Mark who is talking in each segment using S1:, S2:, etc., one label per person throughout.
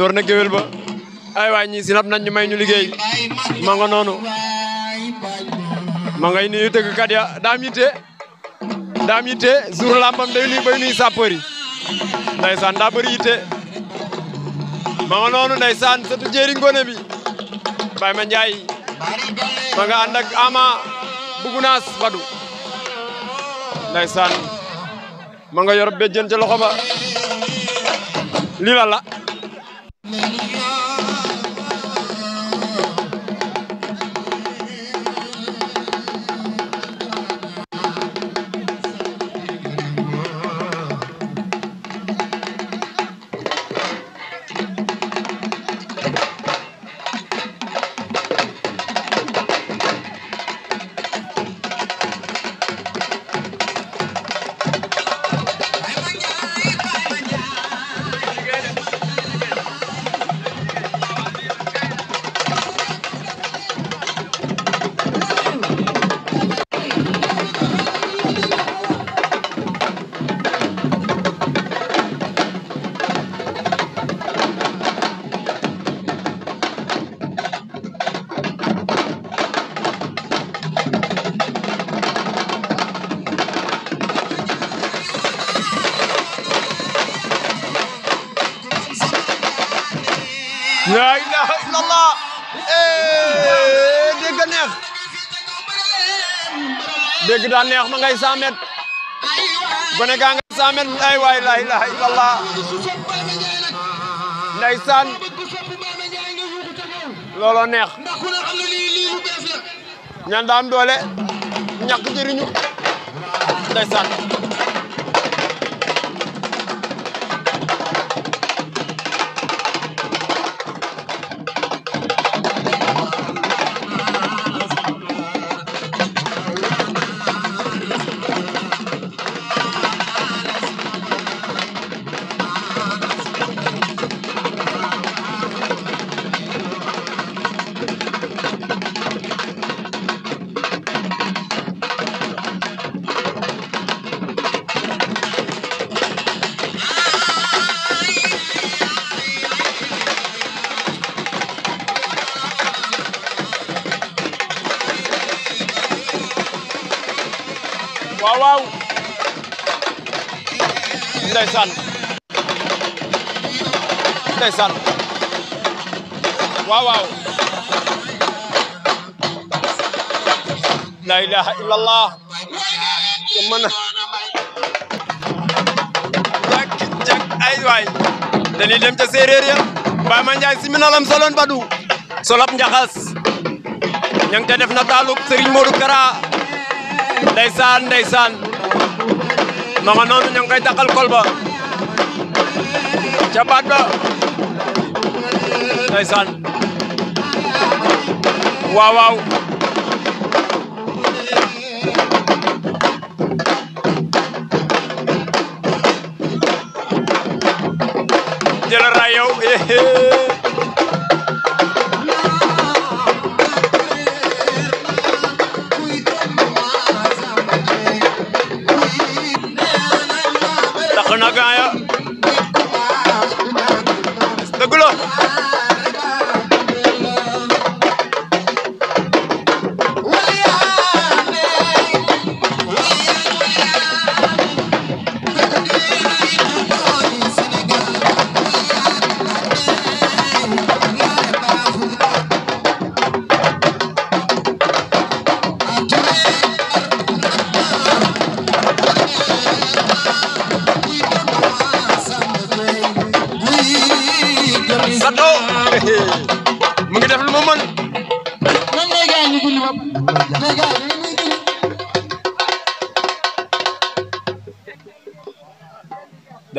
S1: door na géwél ba ay waay ñii si nat ñu may ñu liggéey ma nga noonu ma ngay nuyu tëggkat daam yitte daam yitte suur làmbam day nuyu bay nuyu sapeur yi ndaysaan daa bëri yitte ma nga noonu ndaysaan sëtu jéeri ngone bi bay ma njaay ma nga ama bugunaas wadu ndaysaan ma nga yor béjjën ca loxo ba lii gi daa neex ma ngay 100 mètres gone gaa ngay 100 mètres ay waay la ilaha illallah ndeysaan neex ñaan daam doole ñàkk jëriñu ndeysaan la ilaha illallah te mën a ay waay dañuy dem ca séeréer ya Baye Mandiaye si minalam solon badu solap njaxas ña ngi te def na taaluk Serigne Modou Kara ndeysaan ndeysaan ma nga noonu ña ngi koy taxal kol ca baat ba ndeysaan waaw waaw jëlal raay yow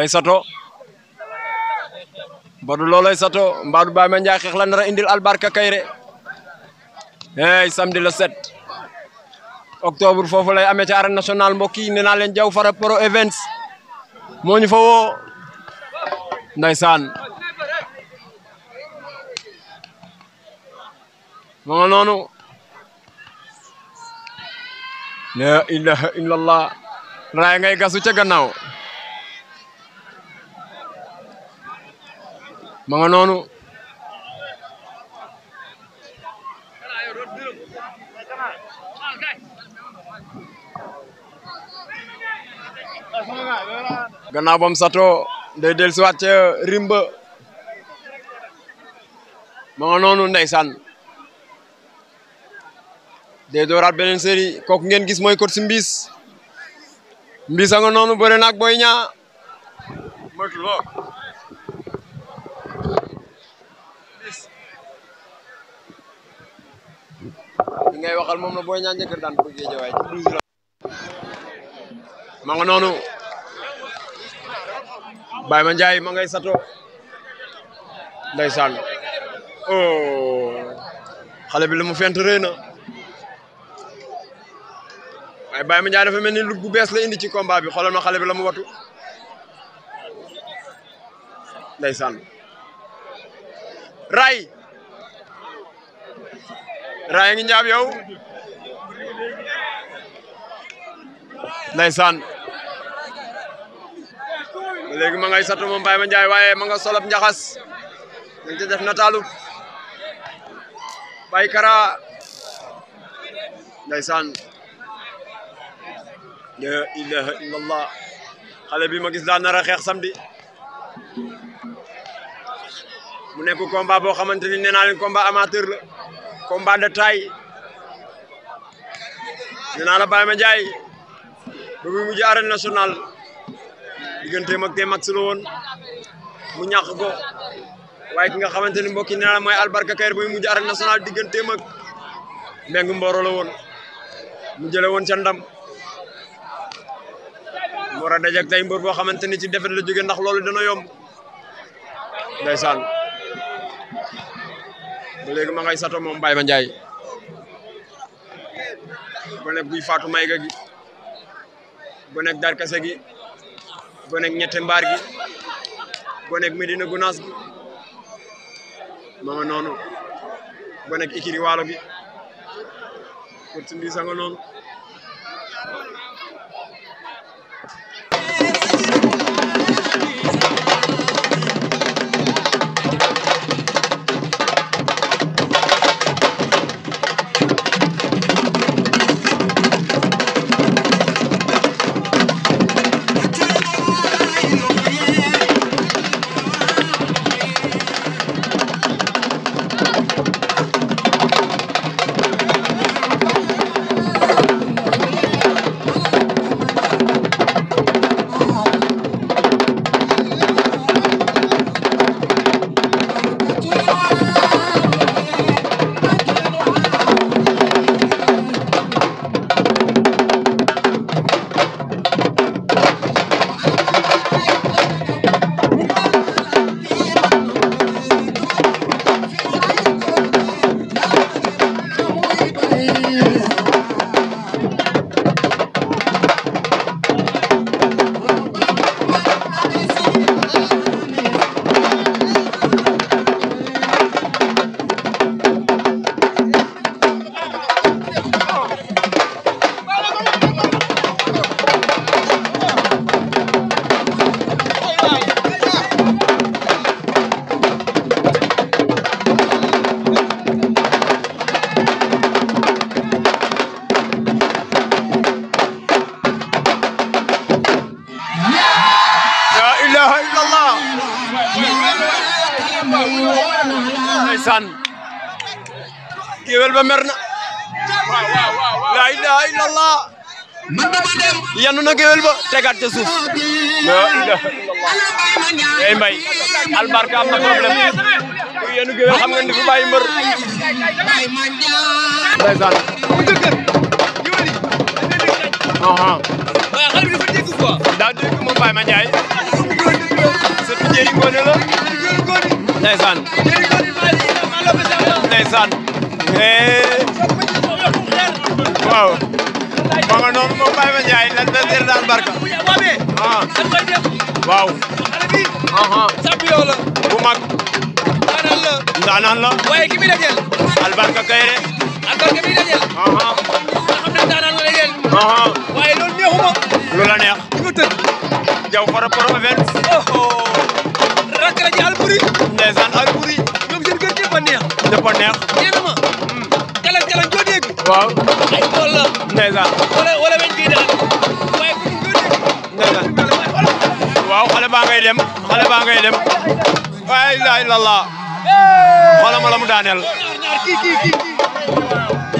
S1: day sato Badou loolay sato mbaadu Baye Mandiaye xeex la indil albarka Kayre hey samedi le 7 octobre foofu lay amee ci arène nationale mbokk yi nee naa leen jaw fara pro events moo ñu woo ndaysaan ma nga noonu la raay ngay gasu ca gannaaw ma nga noonu gannaaw bam sato day del si wàcc rimba ma nga noonu ndeysaan day dooraat beneen série kooku ngeen gis mooy kot si mbiis mbiis a nga noonu bëre naag booy ñaa li ngay waxal moom la Boy Niang njëkk daan ko Guédiawaye ci nga noonu Baye ma Ndiaye ma ngay sato ndeysaan oh xale bi la mu fent rëy na waaye Baye ma Ndiaye dafa mel ni lu bu bees la indi ci combat bi xoolal ma xale bi la mu watu ndeysaan ray raa ngi ñaab yow ndeysaan léegi ma ngay satu moom Baye ma Ndiaye waaye ma nga solop njaxas dañ ca def nataalu Baye Kara ndeysaan la ilaha illallah xale bi ma gis daa nar a xeex samedi mu nekk combat boo xamante ni nee naa combat de taille nee naa la Baye Mandiaye ba muy mujj arène nationale digganteem ak Tmax la woon mu ñàkk ko waaye ki nga xamante ni mbokk yi nee naa la mooy Albarka Kair ba muy mujj arène nationale digganteem ak Mbengue Mboro la woon mu jële woon ca ndam mu war a daje ak boo xamante ni ci defet la jóge ndax loolu dana yomb ndeysaan ba ma ngay sato moom Baye ma Ndiaye gonek guy faatu mayga gi gonek dar kase gi gonek ñette mbaar gi gonek Medina Gunaas gi ma nga noonu gonek ikiri waalo gi kër si mbiisa nga noonu géwél ba mer na la ilaha illallah yanu na géwél ba tegaat ca suuf la ilaha illallah ey mbay albarka am na problème ku yenu géwél xam nga ni fi bàyyi mbër ndeysaan aha daa dégg moom Baye Mandiaye surtout jëri ngoone la ndeysaan ndeysaan waaw. ma nga noonu moom Baye Ma Ndiaye lan la leer daan barka. ah waaw. champion la. bu mag. ndaanaan la. ndaanaan la. waaye ki muy dajeel. albarka Kayre. albarka mi dajeel. nga xam ne ndaanaan la dajeel. waaye loolu neexuma. lu la neex. ñu tëj. jaw fara poro event nga. ndeysaan wala wala weñ kii daal waaye. ndeysaan waaw xale baa ngay dem xale baa ngay dem. waaye ilaha illallah. xoolal ma la mu daaneel.